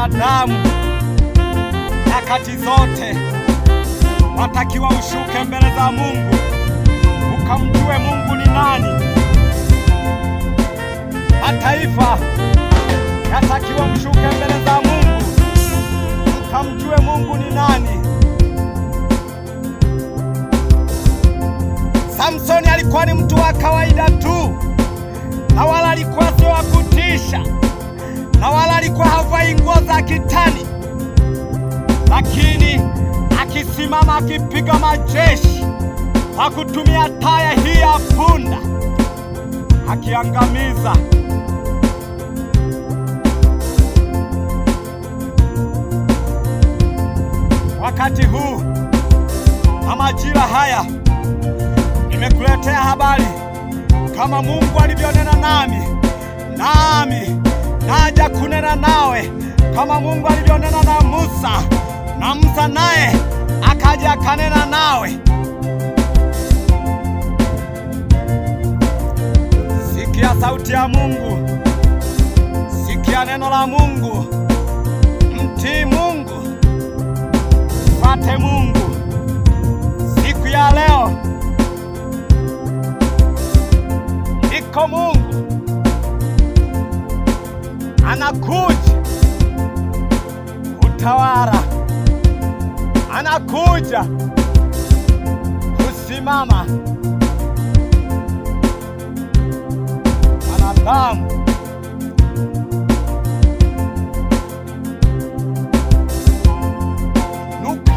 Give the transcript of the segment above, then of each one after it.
wanadamu, nyakati zote watakiwa ushuke mbele za Mungu ukamjue Mungu ni nani. Mataifa yatakiwa mshuke mbele za Mungu ukamjue Mungu ni nani. Samsoni alikuwa ni mtu wa kawaida tu na wala alikuwa sio wa kutisha na wala alikuwa havai nguo za kitani, lakini akisimama akipiga majeshi kwa kutumia taya hii ya punda, akiangamiza wakati huu na majira haya. Nimekuletea habari kama Mungu alivyonena nami nami haja kunena nawe kama Mungu alivyonena na Musa, na Musa naye akaja akanena nawe. Sikia sauti ya Mungu, sikia neno la Mungu, mtii Mungu, mpate Mungu siku ya leo. Iko Mungu anakuja kutawala, anakuja kusimama. Wanadamu nuku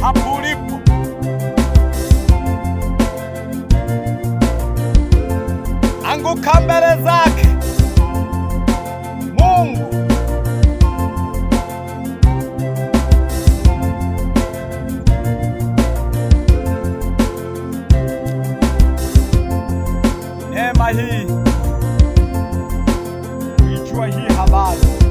hapo ulipo anguka mbele zake. hii, kuijua hii habari.